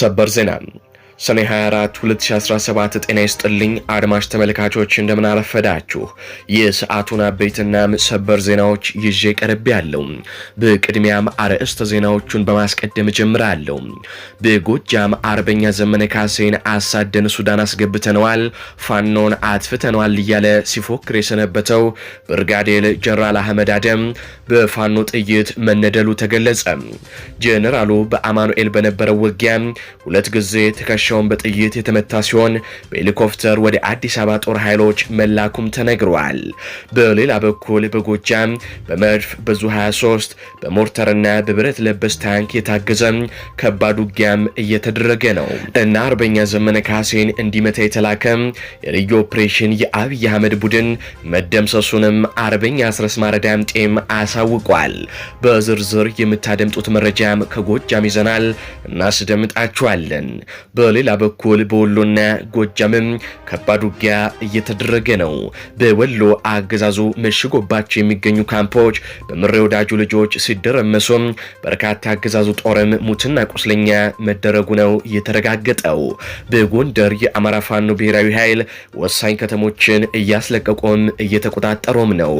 ሰበር ዜና ሰኔ 24 2017። ጤና ይስጥልኝ አድማጭ ተመልካቾች፣ እንደምን አረፈዳችሁ። የሰዓቱን አበይትና ሰበር ዜናዎች ይዤ ቀርብ ያለው። በቅድሚያም አርዕስተ ዜናዎቹን በማስቀደም ጀምራለሁ በጎጃም አርበኛ ዘመነ ካሴን አሳደን ሱዳን አስገብተነዋል፣ ፋኖን አጥፍተነዋል እያለ ሲፎክር የሰነበተው ብርጋዴር ጀነራል አህመድ አደም በፋኖ ጥይት መነደሉ ተገለጸ። ጀነራሉ በአማኑኤል በነበረው ውጊያ ሁለት ጊዜ ተከ ትከሻውን በጥይት የተመታ ሲሆን በሄሊኮፕተር ወደ አዲስ አበባ ጦር ኃይሎች መላኩም ተነግሯል። በሌላ በኩል በጎጃም በመድፍ በዙ 23 በሞርተርና በብረት ለበስ ታንክ የታገዘ ከባድ ውጊያም እየተደረገ ነው እና አርበኛ ዘመነ ካሴን እንዲመታ የተላከ የልዩ ኦፕሬሽን የአብይ አህመድ ቡድን መደምሰሱንም አርበኛ አስረስ ማረዳም ጤም አሳውቋል። በዝርዝር የምታደምጡት መረጃም ከጎጃም ይዘናል እናስደምጣችኋለን። በሌላ በኩል በወሎና ጎጃምም ከባድ ውጊያ እየተደረገ ነው። በወሎ አገዛዙ መሽጎባቸው የሚገኙ ካምፖች በምሬ ወዳጁ ልጆች ሲደረመሱም በርካታ አገዛዙ ጦርም ሙትና ቁስለኛ መደረጉ ነው የተረጋገጠው። በጎንደር የአማራ ፋኖ ብሔራዊ ኃይል ወሳኝ ከተሞችን እያስለቀቁም እየተቆጣጠሩም ነው።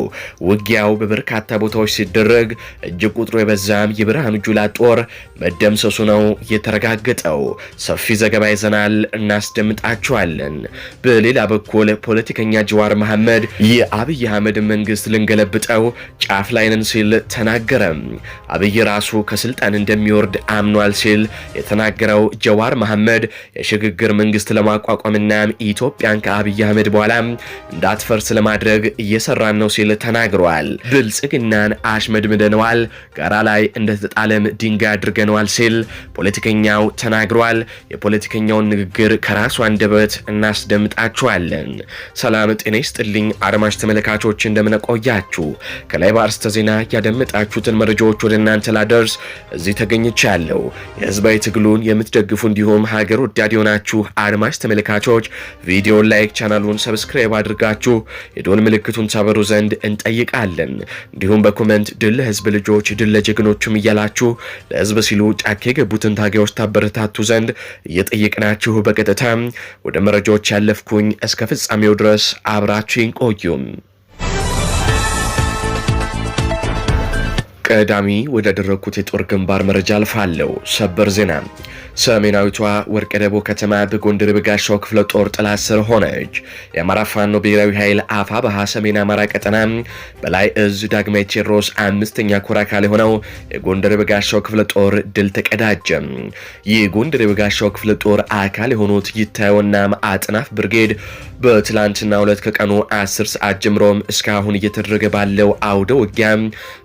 ውጊያው በበርካታ ቦታዎች ሲደረግ እጅግ ቁጥሩ የበዛም የብርሃኑ ጁላ ጦር መደምሰሱ ነው የተረጋገጠው። ሰፊ ዘገባ ዘገባ ይዘናል፣ እናስደምጣችኋለን። በሌላ በኩል ፖለቲከኛ ጀዋር መሐመድ የአብይ አህመድ መንግስት ልንገለብጠው ጫፍ ላይንን ሲል ተናገረ። አብይ ራሱ ከስልጣን እንደሚወርድ አምኗል ሲል የተናገረው ጀዋር መሐመድ የሽግግር መንግስት ለማቋቋምና ኢትዮጵያን ከአብይ አህመድ በኋላ እንዳትፈርስ ለማድረግ እየሰራን ነው ሲል ተናግሯል። ብልጽግናን አሽመድምደነዋል፣ ጋራ ላይ እንደተጣለም ድንጋይ አድርገነዋል ሲል ፖለቲከኛው ተናግሯል። የፖለቲካ የፖለቲከኛውን ንግግር ከራሱ አንደበት እናስደምጣችኋለን። ሰላም ጤና ይስጥልኝ አድማጭ ተመልካቾች፣ እንደምንቆያችሁ ከላይ በአርስተ ዜና ያደመጣችሁትን መረጃዎች ወደ እናንተ ላደርስ እዚህ ተገኝቻለሁ። የህዝባዊ ትግሉን የምትደግፉ እንዲሁም ሀገር ወዳድ የሆናችሁ አድማጭ ተመልካቾች ቪዲዮን ላይክ፣ ቻናሉን ሰብስክራይብ አድርጋችሁ የዶን ምልክቱን ሰበሩ ዘንድ እንጠይቃለን። እንዲሁም በኮመንት ድል ለህዝብ ልጆች ድል ለጀግኖችም እያላችሁ ለህዝብ ሲሉ ጫካ የገቡትን ታጋዮች ታበረታቱ ዘንድ እየጠየ ልጠይቅናችሁ በቀጥታ ወደ መረጃዎች ያለፍኩኝ። እስከ ፍጻሜው ድረስ አብራችሁን ቆዩም። ቀዳሚ ወዳደረግኩት የጦር ግንባር መረጃ አልፋለሁ። ሰበር ዜና። ሰሜናዊቷ ወርቀ ደቦ ከተማ በጎንደር በጋሻው ክፍለ ጦር ጥላ ስር ሆነች። የአማራ ፋኖ ብሔራዊ ኃይል አፋ ባሃ ሰሜን አማራ ቀጠና በላይ እዝ ዳግማዊ ቴዎድሮስ አምስተኛ ኮር አካል የሆነው የጎንደር በጋሻው ክፍለ ጦር ድል ተቀዳጀ። ይህ ጎንደር በጋሻው ክፍለ ጦር አካል የሆኑት ይታየውና አጥናፍ ብርጌድ በትላንትና ሁለት ከቀኑ 10 ሰዓት ጀምሮም እስካሁን እየተደረገ ባለው አውደ ውጊያ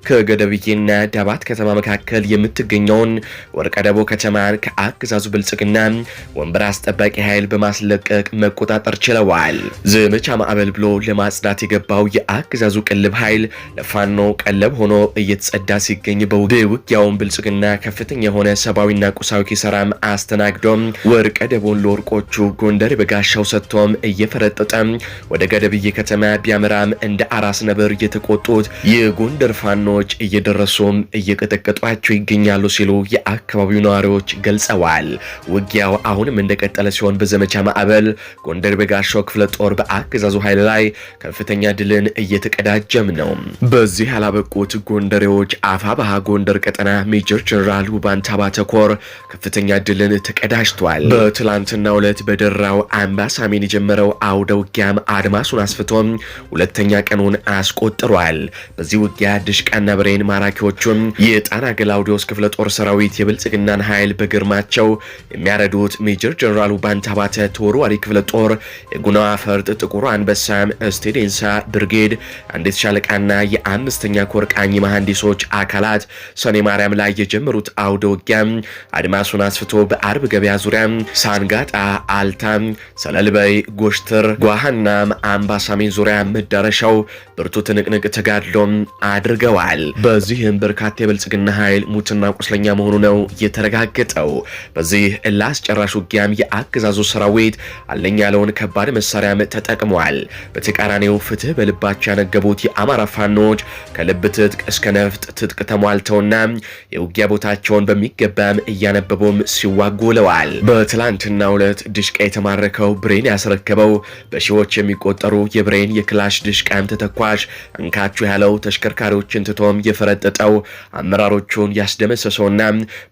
ከገደብዬና ዳባት ከተማ መካከል የምትገኘውን ወርቀደቦ ከተማን ከአገዛዙ ብልጽግና ወንበር አስጠባቂ ኃይል በማስለቀቅ መቆጣጠር ችለዋል። ዘመቻ ማዕበል ብሎ ለማጽዳት የገባው የአገዛዙ ቅልብ ኃይል ለፋኖ ቀለብ ሆኖ እየተጸዳ ሲገኝ በውጊያውን ብልጽግና ከፍተኛ የሆነ ሰብአዊና ቁሳዊ ኪሳራም አስተናግዶም ወርቀ ደቦን ለወርቆቹ ጎንደር በጋሻው ሰጥቶም እየፈ እየፈረጠጠ ወደ ገደብዬ ከተማ ቢያመራም እንደ አራስ ነበር የተቆጡት የጎንደር ፋኖች እየደረሱም እየቀጠቀጧቸው ይገኛሉ ሲሉ የአካባቢው ነዋሪዎች ገልጸዋል። ውጊያው አሁንም እንደቀጠለ ሲሆን በዘመቻ ማዕበል ጎንደር በጋሻው ክፍለ ጦር በአገዛዙ ኃይል ላይ ከፍተኛ ድልን እየተቀዳጀም ነው። በዚህ ያላበቁት ጎንደሬዎች አፋባሃ ጎንደር ቀጠና ሜጀር ጀነራል ውባንታባ ተኮር ከፍተኛ ድልን ተቀዳጅቷል። በትላንትና ዕለት በደራው አምባሳሜን የጀመረው አ አውደ ውጊያም አድማሱን አስፍቶም ሁለተኛ ቀኑን አስቆጥሯል። በዚህ ውጊያ ድሽቃና ብሬን ማራኪዎቹም የጣና ገላውዲዮስ ክፍለ ጦር ሰራዊት የብልጽግናን ኃይል በግርማቸው የሚያረዱት ሜጀር ጀኔራሉ ባንታባተ ተወርዋሪ ክፍለ ጦር፣ የጉናዋ ፈርጥ፣ ጥቁሩ አንበሳም፣ ስቴዴንሳ ብርጌድ፣ አንዲት ሻለቃና የአምስተኛ ኮር ቃኝ መሐንዲሶች አካላት ሰኔ ማርያም ላይ የጀመሩት አውደ ውጊያ አድማሱን አስፍቶ በአርብ ገበያ ዙሪያ ሳንጋጣ፣ አልታ፣ ሰለልበይ፣ ጎሽተ ጓሃና ጓሃናም አምባሳሜን ዙሪያ መዳረሻው ብርቱ ትንቅንቅ ተጋድሎም አድርገዋል። በዚህም በርካታ የብልጽግና ኃይል ሙትና ቁስለኛ መሆኑ ነው የተረጋገጠው። በዚህ ላስጨራሽ ውጊያም የአገዛዙ ሰራዊት አለኝ ያለውን ከባድ መሳሪያም ተጠቅሟል። በተቃራኒው ፍትህ በልባቸው ያነገቡት የአማራ ፋኖች ከልብ ትጥቅ እስከ ነፍጥ ትጥቅ ተሟልተውና የውጊያ ቦታቸውን በሚገባም እያነበቡም ሲዋጉ ውለዋል። በትላንትና ሁለት ድሽቃ የተማረከው ብሬን ያስረከበው በሺዎች የሚቆጠሩ የብሬን የክላሽ ድሽቃም ተተኳሽ እንካችሁ ያለው ተሽከርካሪዎችን ትቶም የፈረጠጠው አመራሮቹን ያስደመሰሰውና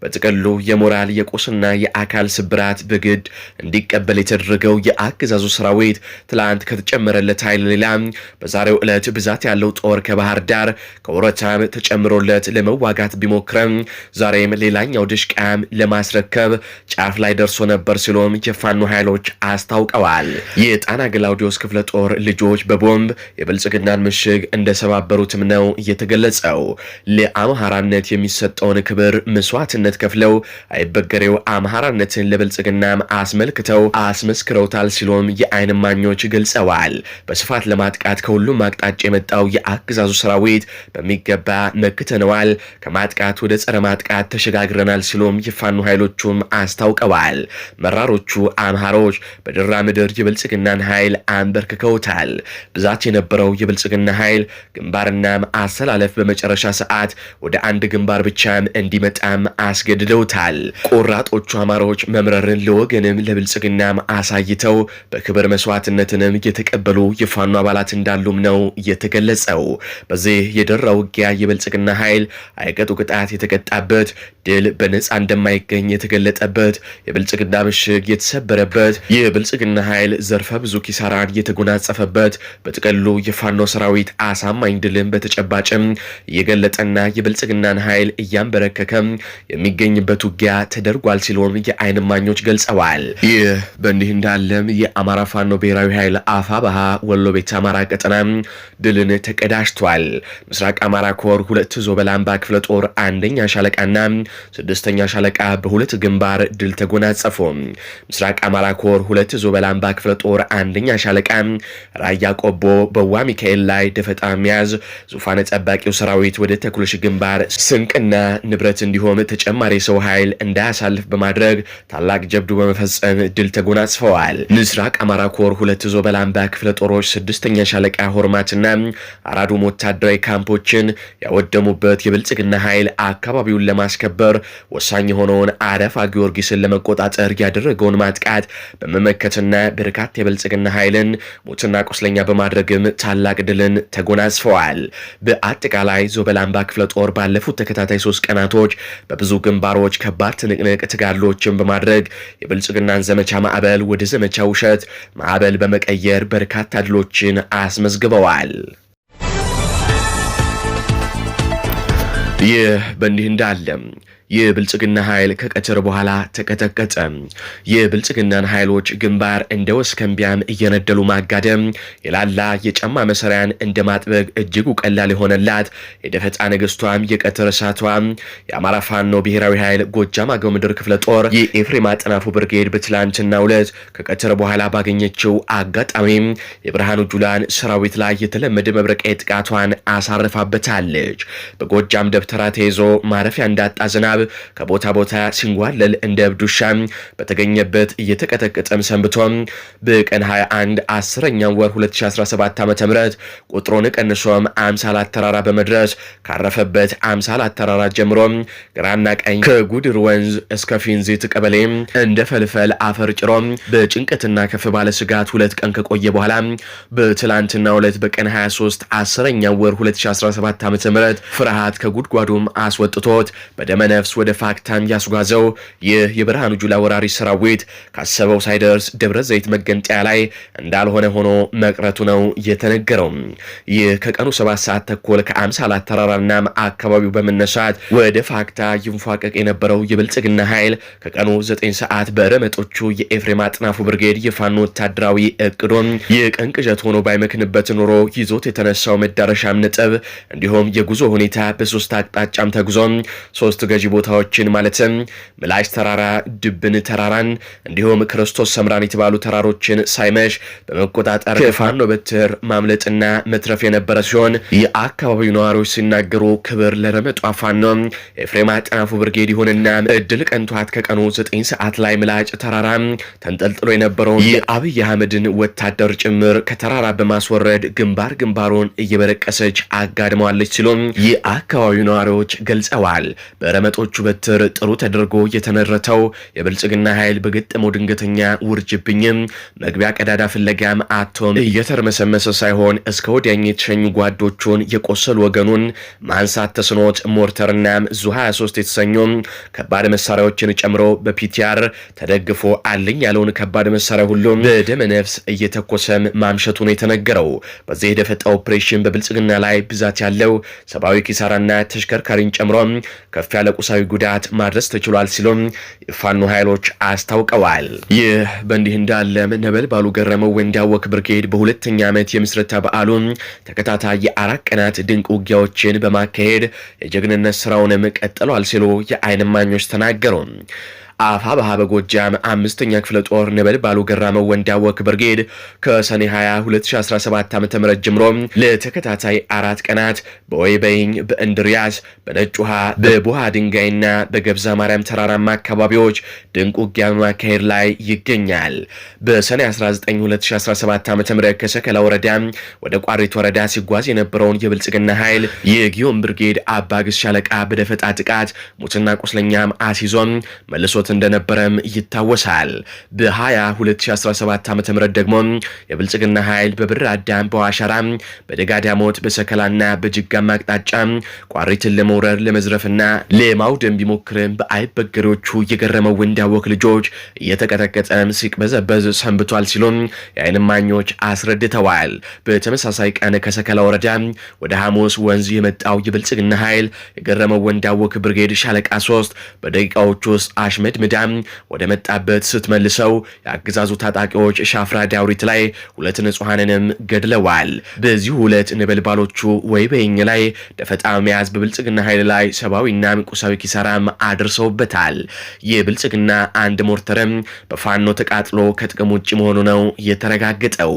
በጥቅሉ የሞራል የቁስና የአካል ስብራት በግድ እንዲቀበል የተደረገው የአገዛዙ ሰራዊት ትላንት ከተጨመረለት ኃይል ሌላ በዛሬው ዕለት ብዛት ያለው ጦር ከባህር ዳር ከወረታም ተጨምሮለት ለመዋጋት ቢሞክረም ዛሬም ሌላኛው ድሽቃም ለማስረከብ ጫፍ ላይ ደርሶ ነበር ሲሎም የፋኑ ኃይሎች አስታውቀዋል። የጣና ግላውዲዮስ ክፍለ ጦር ልጆች በቦምብ የብልጽግናን ምሽግ እንደሰባበሩትም ነው የተገለጸው። ለአምሃራነት የሚሰጠውን ክብር መስዋዕትነት ከፍለው አይበገሬው አምሃራነትን ለብልጽግናም አስመልክተው አስመስክረውታል ሲሉም የአይን እማኞች ገልጸዋል። በስፋት ለማጥቃት ከሁሉም አቅጣጫ የመጣው የአገዛዙ ሰራዊት በሚገባ መክተነዋል፣ ከማጥቃት ወደ ጸረ ማጥቃት ተሸጋግረናል ሲሉም የፋኑ ኃይሎቹም አስታውቀዋል። መራሮቹ አምሃሮች በድራ ምድር የብልጽግናን የብልጽግናን ኃይል አንበርክከውታል። ብዛት የነበረው የብልጽግና ኃይል ግንባርና አሰላለፍ በመጨረሻ ሰዓት ወደ አንድ ግንባር ብቻም እንዲመጣም አስገድደውታል። ቆራጦቹ አማራዎች መምረርን ለወገንም ለብልጽግናም አሳይተው በክብር መስዋዕትነትንም የተቀበሉ የፋኖ አባላት እንዳሉም ነው የተገለጸው። በዚህ የደራ ውጊያ የብልጽግና ኃይል አይቀጡ ቅጣት የተቀጣበት ድል በነፃ እንደማይገኝ የተገለጠበት የብልጽግና ምሽግ የተሰበረበት የብልጽግና ኃይል ዘርፈ ብዙ ኪሳራን የተጎናጸፈበት በጥቅሉ የፋኖ ሰራዊት አሳማኝ ድልን በተጨባጭም እየገለጠና የብልጽግናን ኃይል እያንበረከከ የሚገኝበት ውጊያ ተደርጓል ሲሉም የአይን ማኞች ገልጸዋል። ይህ በእንዲህ እንዳለም የአማራ ፋኖ ብሔራዊ ኃይል አፋ ባሃ ወሎ ቤተ አማራ ቀጠና ድልን ተቀዳጅቷል። ምስራቅ አማራ ኮር ሁለት ዞበል አምባ ክፍለ ጦር አንደኛ ሻለቃና ስድስተኛ ሻለቃ በሁለት ግንባር ድል ተጎናጸፉ። ምስራቅ አማራ ኮር ሁለት ዞበል አምባ ክፍለ ጦር አንደኛ ሻለቃ ራያ ቆቦ በዋ ሚካኤል ላይ ደፈጣ መያዝ፣ ዙፋነ ጠባቂው ሰራዊት ወደ ተኩሎሽ ግንባር ስንቅና ንብረት እንዲሁም ተጨማሪ ሰው ኃይል እንዳያሳልፍ በማድረግ ታላቅ ጀብዱ በመፈጸም ድል ተጎናጽፈዋል። ምስራቅ አማራ ኮር ሁለት ዞበላምባ ክፍለ ጦሮች ስድስተኛ ሻለቃ ሆርማትና አራዱም ወታደራዊ ካምፖችን ያወደሙበት የብልጽግና ኃይል አካባቢውን ለማስከበር ወሳኝ የሆነውን አረፋ ጊዮርጊስን ለመቆጣጠር ያደረገውን ማጥቃት በመመከትና በርካታ የብልጽግና ኃይልን ሞትና ቁስለኛ በማድረግም ታላቅ ድልን ተጎናጽፈዋል። በአጠቃላይ ዞበላምባ ክፍለ ጦር ባለፉት ተከታታይ ሶስት ቀናቶች በብዙ ግንባሮች ከባድ ትንቅንቅ ትጋድሎችን በማድረግ የብልጽግናን ዘመቻ ማዕበል ወደ ዘመቻ ውሸት ማዕበል በመቀየር በርካታ ድሎችን አስመዝግበዋል። ይህ በእንዲህ እንዳለም የብልጽግና ኃይል ከቀትር በኋላ ተቀጠቀጠ። የብልጽግናን ኃይሎች ግንባር እንደ ወስከንቢያን እየነደሉ ማጋደም የላላ የጫማ መሰሪያን እንደ ማጥበቅ እጅጉ ቀላል የሆነላት የደፈጣ ነገስቷም የቀትር እሳቷ የአማራ ፋኖ ብሔራዊ ኃይል ጎጃም አገው ምድር ክፍለ ጦር የኤፍሬም አጠናፉ ብርጌድ በትላንትና ሁለት ከቀትር በኋላ ባገኘችው አጋጣሚ የብርሃኑ ጁላን ሰራዊት ላይ የተለመደ መብረቃዊ ጥቃቷን አሳርፋበታለች። በጎጃም ደብተራ ተይዞ ማረፊያ እንዳጣ ዝናብ ሀሳብ ከቦታ ቦታ ሲንጓለል እንደ እብድ ውሻ በተገኘበት እየተቀጠቀጠም ሰንብቶ በቀን 21 10ኛው ወር 2017 ዓ ም ቁጥሩን ቀንሶም አምሳላት ተራራ በመድረስ ካረፈበት አምሳላት ተራራ ጀምሮ ግራና ቀኝ ከጉድር ወንዝ እስከ ፊንዚት ቀበሌ እንደ ፈልፈል አፈር ጭሮ በጭንቀትና ከፍ ባለ ስጋት ሁለት ቀን ከቆየ በኋላ በትላንትና ሁለት በቀን 23 10ኛ ወር 2017 ዓ ም ፍርሃት ከጉድጓዱም አስወጥቶት በደመነፍስ ሳይደርስ ወደ ፋክታም ያስጓዘው ይህ የብርሃኑ ጁላ ወራሪ ሰራዊት ካሰበው ሳይደርስ ደብረ ዘይት መገንጠያ ላይ እንዳልሆነ ሆኖ መቅረቱ ነው የተነገረው። ይህ ከቀኑ ሰባት ሰዓት ተኩል ከአምሳ ተራራና አካባቢው በመነሳት ወደ ፋክታ ይንፏቀቅ የነበረው የብልጽግና ኃይል ከቀኑ ዘጠኝ ሰዓት በረመጦቹ የኤፍሬም አጥናፉ ብርጌድ የፋኖ ወታደራዊ እቅዶን የቀን ቅዠት ሆኖ ባይመክንበት ኖሮ ይዞት የተነሳው መዳረሻም ነጥብ እንዲሁም የጉዞ ሁኔታ በሶስት አቅጣጫም ተጉዞም ሶስት ገዢ ቦታዎችን ማለትም ምላሽ ተራራ፣ ድብን ተራራን እንዲሁም ክርስቶስ ሰምራን የተባሉ ተራሮችን ሳይመሽ በመቆጣጠር ከፋኖ በትር ማምለጥና መትረፍ የነበረ ሲሆን የአካባቢው ነዋሪዎች ሲናገሩ ክብር ለረመጡ አፋኖ ኤፍሬም አጠናፉ ብርጌድ ይሁንና እድል ቀንቷት ከቀኑ 9 ሰዓት ላይ ምላጭ ተራራ ተንጠልጥሎ የነበረውን የአብይ አህመድን ወታደር ጭምር ከተራራ በማስወረድ ግንባር ግንባሩን እየበረቀሰች አጋድመዋለች ሲሉም የአካባቢው ነዋሪዎች ገልጸዋል። በረመጦ የጠላቶቹ በትር ጥሩ ተደርጎ የተመረተው የብልጽግና ኃይል በገጠመው ድንገተኛ ውርጅብኝም መግቢያ ቀዳዳ ፍለጋም አቶም እየተርመሰመሰ ሳይሆን እስከ ወዲያኝ የተሸኙ ጓዶቹን የቆሰሉ ወገኑን ማንሳት ተስኖት ሞርተርና ዙ 23 የተሰኙ ከባድ መሳሪያዎችን ጨምሮ በፒቲአር ተደግፎ አለኝ ያለውን ከባድ መሳሪያ ሁሉም በደመ ነፍስ እየተኮሰም ማምሸቱ ነው የተነገረው። በዚህ የደፈጣ ኦፕሬሽን በብልጽግና ላይ ብዛት ያለው ሰብአዊ ኪሳራና ተሽከርካሪን ጨምሮ ከፍ ያለ ቁሳዊ ሰብአዊ ጉዳት ማድረስ ተችሏል ሲሉም የፋኖ ኃይሎች አስታውቀዋል። ይህ በእንዲህ እንዳለም ነበልባሉ ገረመው ወንዳወክ ብርጌድ በሁለተኛ ዓመት የምስረታ በዓሉን ተከታታይ የአራት ቀናት ድንቅ ውጊያዎችን በማካሄድ የጀግንነት ስራውንም ቀጥሏል ሲሉ የአይን እማኞች ተናገሩ። አፋብሃ በጎጃም አምስተኛ ክፍለ ጦር ነበል ባሉ ገራመው ወንዳወክ ብርጌድ ከሰኔ 20 2017 ዓ ም ጀምሮ ለተከታታይ አራት ቀናት በወይበይኝ በእንድርያስ በነጭ ውሃ በቡሃ ድንጋይና በገብዛ ማርያም ተራራማ አካባቢዎች ድንቅ ውጊያ በማካሄድ ላይ ይገኛል። በሰኔ 19 2017 ዓ ም ከሰከላ ወረዳ ወደ ቋሪት ወረዳ ሲጓዝ የነበረውን የብልጽግና ኃይል የጊዮን ብርጌድ አባግስ ሻለቃ በደፈጣ ጥቃት ሙትና ቁስለኛም አስይዞም መልሶ እንደነበረም ይታወሳል። በ2017 ዓ ም ደግሞ የብልጽግና ኃይል በብር አዳም፣ በዋሸራ፣ በደጋዳሞት፣ በሰከላና በጅጋማ አቅጣጫ ቋሪትን ለመውረር ለመዝረፍና ለማውደም ቢሞክርም በአይበገሬዎቹ የገረመው ወንዳወክ ልጆች እየተቀጠቀጠም ሲቅበዘበዝ ሰንብቷል ሲሉም የአይን እማኞች አስረድተዋል። በተመሳሳይ ቀን ከሰከላ ወረዳ ወደ ሐሙስ ወንዝ የመጣው የብልጽግና ኃይል የገረመው ወንዳወክ ብርጌድ ሻለቃ ሶስት በደቂቃዎች ውስጥ አሽመድ ምዳም ወደ መጣበት ስትመልሰው የአገዛዙ ታጣቂዎች ሻፍራ ዳውሪት ላይ ሁለት ንጹሐንንም ገድለዋል። በዚሁ ሁለት ነበልባሎቹ ወይ በኝ ላይ ደፈጣ መያዝ በብልጽግና ኃይል ላይ ሰብአዊና ቁሳዊ ኪሳራም አድርሰውበታል። የብልጽግና አንድ ሞርተርም በፋኖ ተቃጥሎ ከጥቅም ውጭ መሆኑ ነው የተረጋገጠው።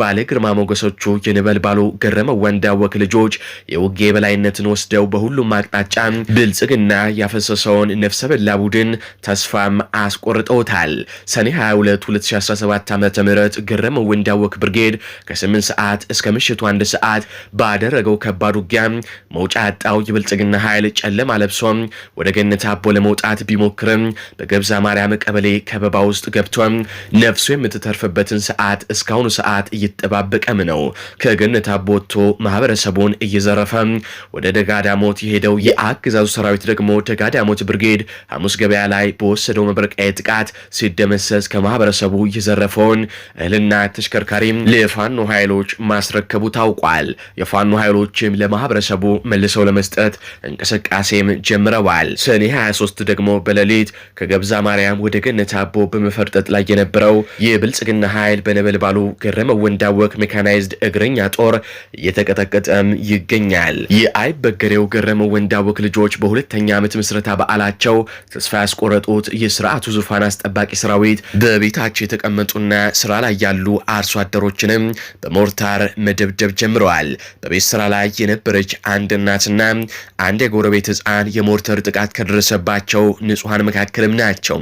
ባለ ግርማ ሞገሶቹ የነበልባሉ ወንዳ ወንዳወክ ልጆች የውጌ የበላይነትን ወስደው በሁሉም አቅጣጫ ብልጽግና ያፈሰሰውን ነፍሰ በላ ቡድን ተስፋ ተስፋም አስቆርጠውታል። ሰኔ 22 2017 ዓ ም ግረመ ወንዳወክ ብርጌድ ከ8 ሰዓት እስከ ምሽቱ 1 ሰዓት ባደረገው ከባድ ውጊያ መውጫ አጣው የብልጽግና ኃይል ጨለማ ለብሶ ወደ ገነት አቦ ለመውጣት ቢሞክርም በገብዛ ማርያም ቀበሌ ከበባ ውስጥ ገብቶ ነፍሱ የምትተርፍበትን ሰዓት እስካሁኑ ሰዓት እየተጠባበቀም ነው። ከገነት አቦ ወጥቶ ማህበረሰቡን እየዘረፈ ወደ ደጋዳሞት የሄደው የአገዛዙ ሰራዊት ደግሞ ደጋዳሞት ብርጌድ ሐሙስ ገበያ ላይ በ በወሰደው መብረቅ ጥቃት ሲደመሰስ ከማህበረሰቡ የዘረፈውን እህልና ተሽከርካሪም ለፋኖ ኃይሎች ማስረከቡ ታውቋል። የፋኖ ኃይሎችም ለማህበረሰቡ መልሰው ለመስጠት እንቅስቃሴም ጀምረዋል። ሰኔ 23 ደግሞ በሌሊት ከገብዛ ማርያም ወደ ገነት አቦ በመፈርጠጥ ላይ የነበረው የብልጽግና ኃይል በነበልባሉ ገረመ ወንዳወቅ ሜካናይዝድ እግረኛ ጦር እየተቀጠቀጠም ይገኛል። የአይበገሬው ገረመ ወንዳወቅ ልጆች በሁለተኛ ዓመት ምስረታ በዓላቸው ተስፋ ያስቆረጡ ያቀረብኩት የስርዓቱ ዙፋን አስጠባቂ ሰራዊት በቤታቸው የተቀመጡና ስራ ላይ ያሉ አርሶ አደሮችንም በሞርታር መደብደብ ጀምረዋል። በቤት ስራ ላይ የነበረች አንድ እናትና አንድ የጎረቤት ህፃን የሞርተር ጥቃት ከደረሰባቸው ንጹሐን መካከልም ናቸው።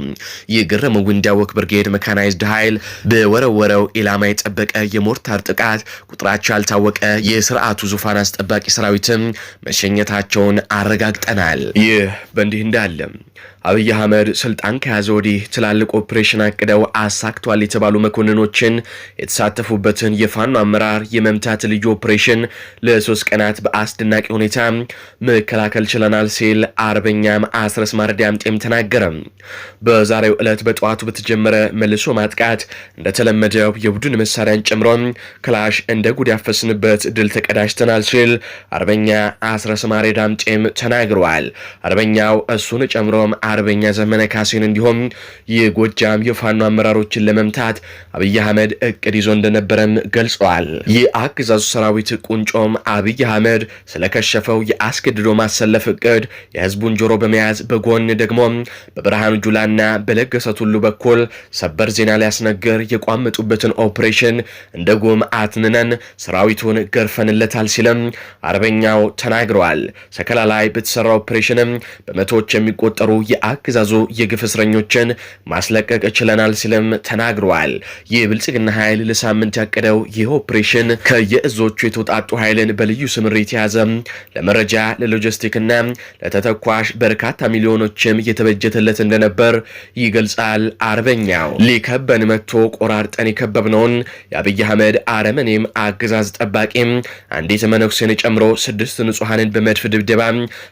የገረመው ወንዳወክ ብርጌድ መካናይዝድ ኃይል በወረወረው ኢላማ የጠበቀ የሞርታር ጥቃት ቁጥራቸው ያልታወቀ የስርዓቱ ዙፋን አስጠባቂ ሰራዊትም መሸኘታቸውን አረጋግጠናል። ይህ በእንዲህ እንዳለም አብይ አህመድ ስልጣን ከያዘ ወዲህ ትላልቅ ኦፕሬሽን አቅደው አሳክቷል የተባሉ መኮንኖችን የተሳተፉበትን የፋኖ አመራር የመምታት ልዩ ኦፕሬሽን ለሶስት ቀናት በአስደናቂ ሁኔታ መከላከል ችለናል ሲል አርበኛም አስረስ ማረዳምጤም ተናገረ። በዛሬው ዕለት በጠዋቱ በተጀመረ መልሶ ማጥቃት እንደተለመደው የቡድን መሳሪያን ጨምሮ ክላሽ እንደ ጉድ ያፈስንበት ድል ተቀዳጅተናል ሲል አርበኛ አስረስ ማረዳምጤም ተናግረዋል። አርበኛው እሱን ጨምሮም አርበኛ ዘመነ ካሴን እንዲሁም የጎጃም የፋኖ አመራሮችን ለመምታት አብይ አህመድ እቅድ ይዞ እንደነበረም ገልጸዋል። የአገዛዙ ሰራዊት ቁንጮም አብይ አህመድ ስለከሸፈው የአስገድዶ ማሰለፍ እቅድ የህዝቡን ጆሮ በመያዝ በጎን ደግሞ በብርሃኑ ጁላና በለገሰት ሁሉ በኩል ሰበር ዜና ሊያስነግር የቋመጡበትን ኦፕሬሽን እንደ ጉም አትንነን ሰራዊቱን ገርፈንለታል ሲልም አርበኛው ተናግረዋል። ሰከላ ላይ በተሰራ ኦፕሬሽንም በመቶዎች የሚቆጠሩ አገዛዙ የግፍ እስረኞችን ማስለቀቅ ችለናል ሲልም ተናግረዋል። የብልጽግና ኃይል ለሳምንት ያቀደው ይህ ኦፕሬሽን ከየእዞቹ የተውጣጡ ኃይልን በልዩ ስምሪት የያዘ ለመረጃ ለሎጂስቲክና ለተተኳሽ በርካታ ሚሊዮኖችም የተበጀተለት እንደነበር ይገልጻል። አርበኛው ሊከበን መጥቶ ቆራርጠን የከበብነውን የአብይ አህመድ አረመኔም አገዛዝ ጠባቂም አንዲት መነኩሴን ጨምሮ ስድስት ንጹሐንን በመድፍ ድብደባ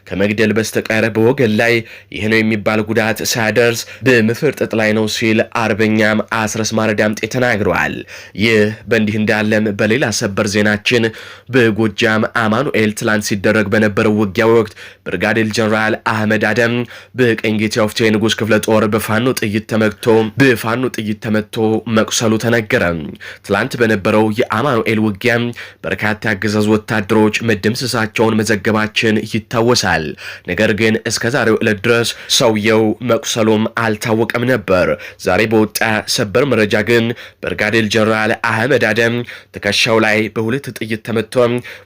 ከመግደል በስተቀር በወገን ላይ ይህ ነው የሚባል ጉዳት ሳያደርስ በመፈርጠጥ ላይ ነው ሲል አርበኛም አስረስ ማረ ዳምጤ ተናግረዋል። ይህ በእንዲህ እንዳለም በሌላ ሰበር ዜናችን በጎጃም አማኑኤል ትላንት ሲደረግ በነበረው ውጊያ ወቅት ብርጋዴር ጀኔራል አህመድ አደም በቀኝ ጌታ ወፍቴ ንጉሥ ክፍለ ጦር በፋኖ ጥይት ተመቶ በፋኖ ጥይት ተመትቶ መቁሰሉ ተነገረ። ትላንት በነበረው የአማኑኤል ውጊያ በርካታ ያገዛዙ ወታደሮች መደምሰሳቸውን መዘገባችን ይታወሳል። ነገር ግን እስከ ዛሬው ዕለት ድረስ ሰው ሰውየው መቁሰሉም አልታወቀም ነበር። ዛሬ በወጣ ሰበር መረጃ ግን ብርጋዴር ጀነራል አህመድ አደም ትከሻው ላይ በሁለት ጥይት ተመቶ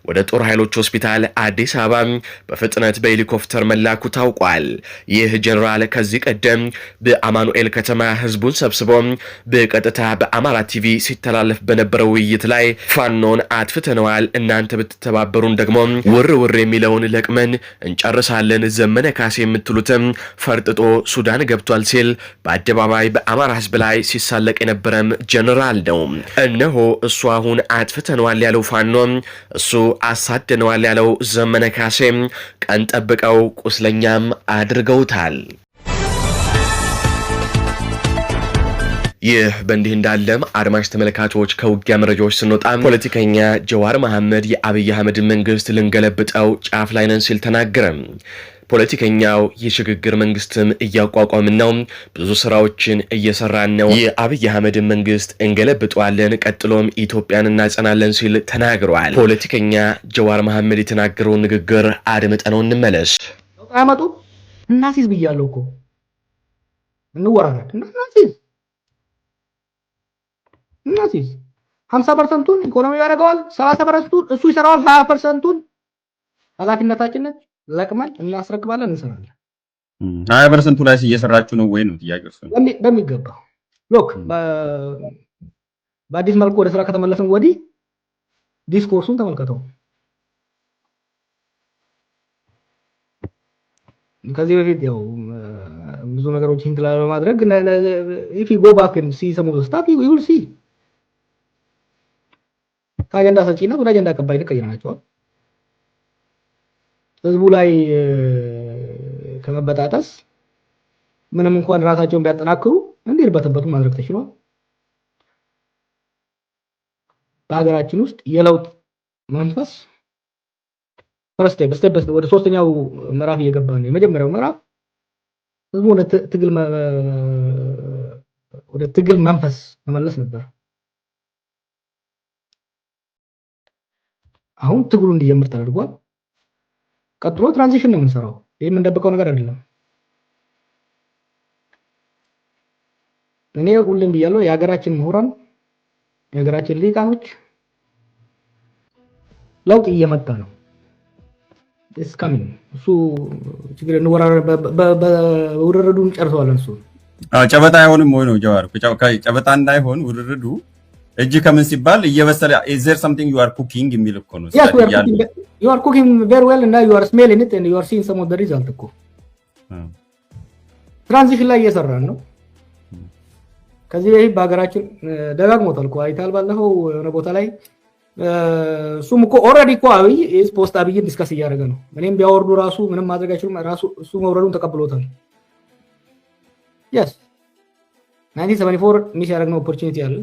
ወደ ጦር ኃይሎች ሆስፒታል አዲስ አበባ በፍጥነት በሄሊኮፕተር መላኩ ታውቋል። ይህ ጀነራል ከዚህ ቀደም በአማኑኤል ከተማ ህዝቡን ሰብስቦ በቀጥታ በአማራ ቲቪ ሲተላለፍ በነበረው ውይይት ላይ ፋኖን አጥፍተነዋል፣ እናንተ ብትተባበሩን ደግሞ ውር ውር የሚለውን ለቅመን እንጨርሳለን፣ ዘመነ ካሴ የምትሉትም ፈርጥጦ ሱዳን ገብቷል ሲል በአደባባይ በአማራ ህዝብ ላይ ሲሳለቅ የነበረም ጀነራል ነው። እነሆ እሱ አሁን አጥፍተነዋል ያለው ፋኖ፣ እሱ አሳደነዋል ያለው ዘመነ ካሴ ቀን ጠብቀው ቁስለኛም አድርገውታል። ይህ በእንዲህ እንዳለም አድማጭ ተመልካቾች ከውጊያ መረጃዎች ስንወጣ ፖለቲከኛ ጀዋር መሐመድ የአብይ አህመድ መንግስት ልንገለብጠው ጫፍ ላይ ነን ሲል ተናገረም። ፖለቲከኛው የሽግግር መንግስትም እያቋቋምን ነው፣ ብዙ ስራዎችን እየሰራን ነው፣ የአብይ አህመድን መንግስት እንገለብጠዋለን፣ ቀጥሎም ኢትዮጵያን እናጸናለን ሲል ተናግረዋል። ፖለቲከኛ ጀዋር መሐመድ የተናገረው ንግግር አድምጠ ነው እንመለስ። ያመጡ እናሲዝ ብያለሁ እኮ እንወራለን። እናሲዝ እናሲዝ ሀምሳ ፐርሰንቱን ኢኮኖሚ ያደርገዋል፣ ሰላሳ ፐርሰንቱን እሱ ይሰራዋል፣ ሀያ ፐርሰንቱን ኃላፊነታችን ነች። ለቅመን እናስረክባለን፣ እንሰራለን። ሀያ ፐርሰንቱ ላይ እየሰራችሁ ነው ወይ ነው ጥያቄ። በሚገባ ሎክ በአዲስ መልኩ ወደ ስራ ከተመለስን ወዲህ ዲስኮርሱን ተመልከተው። ከዚህ በፊት ያው ብዙ ነገሮች ሂንት ለማድረግ ኢፍ ጎ ባክ ሲ ሰሙ ስታፍ ዩል ሲ ከአጀንዳ ሰጪነት ወደ አጀንዳ አቀባይነት ቀይረናቸዋል። ህዝቡ ላይ ከመበጣጠስ ምንም እንኳን ራሳቸውን ቢያጠናክሩ እንዲልበተበቱ ማድረግ ተችሏል። በሀገራችን ውስጥ የለውጥ መንፈስ ፈርስት ወደ ሶስተኛው ምዕራፍ እየገባ ነው። የመጀመሪያው ምዕራፍ ህዝቡ ወደ ትግል መንፈስ መመለስ ነበር። አሁን ትግሉ እንዲጀምር ተደርጓል። ቀጥሎ ትራንዚሽን ነው የምንሰራው። ይህ የምንደብቀው ነገር አይደለም። እኔ ሁሉም ብያለሁ። የሀገራችን ምሁራን፣ የሀገራችን ሊቃኖች ለውጥ እየመጣ ነው። ስካሚን እሱ ችግር ውድርዱን ጨርሰዋለን። እሱ ጨበጣ አይሆንም ወይ ነው ጀዋር፣ ጨበጣ እንዳይሆን ውድርዱ እጅ ከምን ሲባል እየበሰለ ዘር ሰምቲንግ ዩ አር ኩኪንግ የሚል እኮ ነው you are cooking very well and now you are smelling it and you are seeing some of the result እኮ ትራንዚሽን hmm. ላይ እየሰራን ነው። hmm. ከዚህ በፊት በሀገራችን ደጋግሞታል እኮ አይታል። ባለፈው የሆነ ቦታ ላይ እሱም እኮ ኦልሬዲ እኮ አብይ ፖስት አብይን ዲስከስ እያደረገ ነው። እኔም ቢያወርዱ ራሱ ምንም ማድረግ አይችሉም። ራሱ እሱ መውረዱን ተቀብሎታል። የስ ናይንቲን ሚስ ያደረግነው ኦፖርቹኒቲ አለ።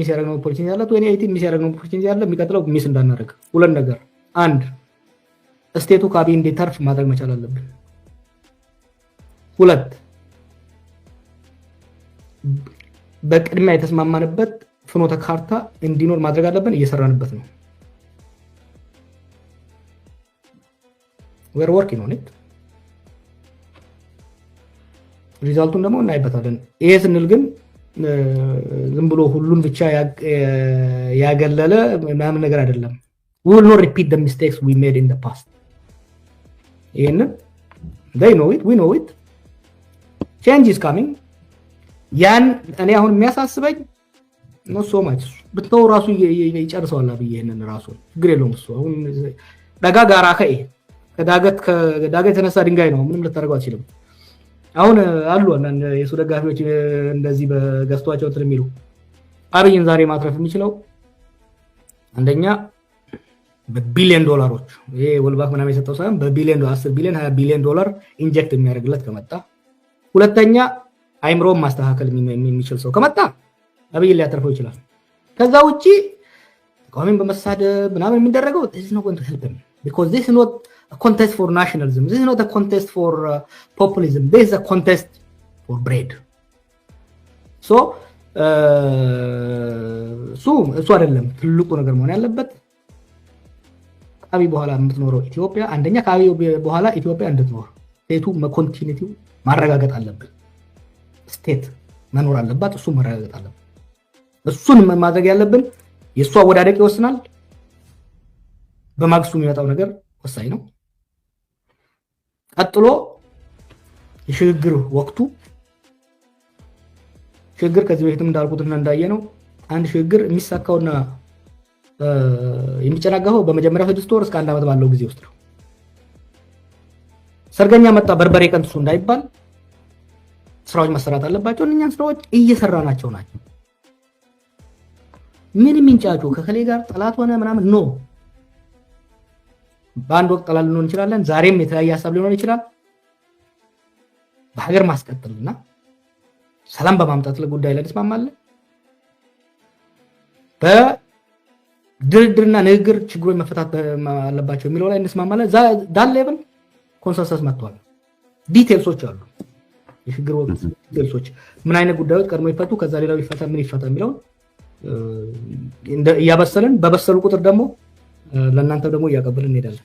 ሚስ ያደረግነው ኦፖርቹኒቲ አለ። ትዌንቲ ሚስ ያደረግነው ኦፖርቹኒቲ አለ። የሚቀጥለው ሚስ እንዳናደርግ ሁለት ነገር አንድ ስቴቱ እንዴት እንዲተርፍ ማድረግ መቻል አለብን። ሁለት በቅድሚያ የተስማማንበት ፍኖተ ካርታ እንዲኖር ማድረግ አለብን። እየሰራንበት ነው። ዌር ወርኪንግ ኦን ኢት ሪዛልቱን ደግሞ እናይበታለን። ይሄ ስንል ግን ዝም ብሎ ሁሉን ብቻ ያገለለ ምናምን ነገር አይደለም። ዊ ዊል ኖት ሪፒት ዘ ሚስቴክስ ዊ ሜድ ኢን ዘ ፓስት። ይሄንን ዘይ ኖ ኢት ዊ ኖ ኢት ቼንጅ ኢዝ ካሚንግ። ያን እኔ አሁን የሚያሳስበኝ ኖት ሶ ማች ብትተው ራሱ ይጨርሰዋል ብዬ ይሄንን ራሱ ችግር የለውም እሱ አሁን ደጋ ጋራ ከ ከዳገት ከዳገት የተነሳ ድንጋይ ነው ምንም ልታደርገው አትችልም። አሁን አሉ አንዳንድ የሱ ደጋፊዎች እንደዚህ በገዝቷቸው እንትን የሚሉ አብይን ዛሬ ማትረፍ የሚችለው አንደኛ በቢሊዮን ዶላሮች ይሄ ወልባክ ምናምን የሰጠው ሳይሆን በቢሊዮን አስር ቢሊዮን ሀያ ቢሊዮን ዶላር ኢንጀክት የሚያደርግለት ከመጣ፣ ሁለተኛ አይምሮን ማስተካከል የሚችል ሰው ከመጣ አብይ ሊያተርፈው ይችላል። ከዛ ውጪ ተቃዋሚን በመሳደብ ምናምን የሚደረገው ዚስ ነው ጎን ሄልፕ ቢኮዝ ዚስ ኖት ኮንቴስት ፎር ናሽናሊዝም ዚስ ኖት ኮንቴስት ፎር ፖፑሊዝም ዚስ ኮንቴስት ፎር ብሬድ ሶ እሱ እሱ አይደለም ትልቁ ነገር መሆን ያለበት። ከአብይ በኋላ የምትኖረው ኢትዮጵያ አንደኛ ከአብይ በኋላ ኢትዮጵያ እንድትኖር ስቴቱ ኮንቲኒቲው ማረጋገጥ አለብን። ስቴት መኖር አለባት። እሱ ማረጋገጥ አለብን። እሱን ማድረግ ያለብን የእሱ አወዳደቅ ይወስናል። በማግስቱ የሚመጣው ነገር ወሳኝ ነው። ቀጥሎ የሽግግር ወቅቱ ሽግግር ከዚህ በፊትም እንዳልኩትና እንዳየ ነው። አንድ ሽግግር የሚሳካውና የሚጨናገፈው በመጀመሪያው ስድስት ወር እስከ አንድ ዓመት ባለው ጊዜ ውስጥ ነው። ሰርገኛ መጣ በርበሬ ቀንሱ እንዳይባል ስራዎች መሰራት አለባቸው። እኛን ስራዎች እየሰራ ናቸው ናቸው ምን የሚንጫጩ ከከሌ ጋር ጠላት ሆነ ምናምን ኖ በአንድ ወቅት ጠላት ልንሆን እንችላለን። ዛሬም የተለያየ ሀሳብ ሊሆን ይችላል። በሀገር ማስቀጠልና ሰላም በማምጣት ለጉዳይ ላይ ድርድርና ንግግር ችግሮች መፈታት አለባቸው የሚለው ላይ እንስማማለን። ዳን ሌቭል ኮንሰንሰስ መጥተዋል። ዲቴልሶች አሉ። የችግር ወቅት ዲቴልሶች ምን አይነት ጉዳዮች ቀድሞ ይፈቱ፣ ከዛ ሌላው ይፈታ፣ ምን ይፈታ የሚለውን እያበሰልን በበሰሉ ቁጥር ደግሞ ለእናንተ ደግሞ እያቀብልን እንሄዳለን።